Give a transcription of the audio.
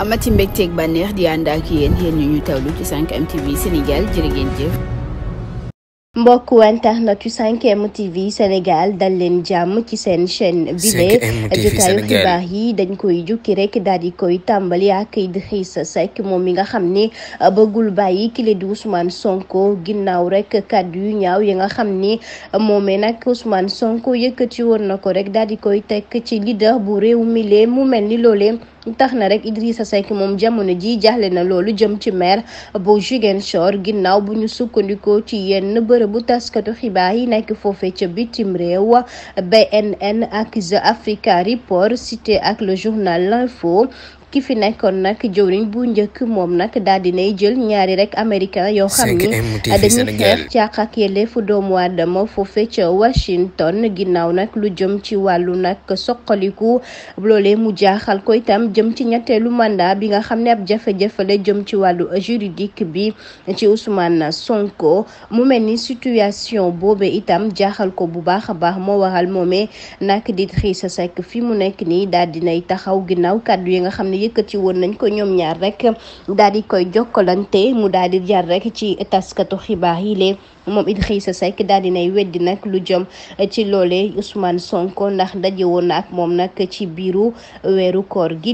amati mbégteeg bànneex di ànd ak yéen yéen ñu ñu tawlu ci 5M Sénégal dal leen jàmm ci seen chaîne bile jotaayu xibaar yi dañ koy jukki rekk daal di koy tàmbali ak Idrissa Seck moom mi nga xam ni euh, bëggul bàyyi kile di Ousmane Sonko ginnaaw rekk kàddu yu ñaaw yi nga xam ni euh, moomee nag Ousmane Sonko yëkkati woon na ko rek daal di koy tekk ci leader bu réew mi lee mu mel ni loolee. tax na rek Idrissa Seck moom jamono ji jaaxle na loolu jëm ci maire bu Ziguinchor ginnaaw bu ñu sukkandikoo ci yenn bërëbu taskatu xibaar yi nekk foofe ca bitim réew BNN ak The Africa Report cité ak le journal L'Info ki fi nekkoon nag jëwriñ bu njëkk moom nag daal dinay jël ñaari rekk américain yoo xam ni dañuy xeex càq ak yelleefu doomu foofe ca Washington ginnaaw nag lu jëm ci wàllu nag soqaliku loolee mu jaaxal ko itam jëm ci ñetteelu mandat bi nga xam ne ab jafe-jafe jëm ci wàllu juridique bi ci Ousmane Sonko mu mel ni situation boobe itam jaaxal ko bu baax a baax moo waral moomee nag di Idrissa Seck fi mu nekk nii daal dinay taxaw ginnaaw kàddu yi nga xam ne yëkkati woon nañ ko ñoom ñaar rek daal di koy jokkalante mu daal di jar rek ci taskatu xibaar yi lee moom Idrissa Seck daal di nay weddi nag lu jëm ci loole Ousmane Sonko ndax daje woon na ak moom nag ci biiru weeru koor gi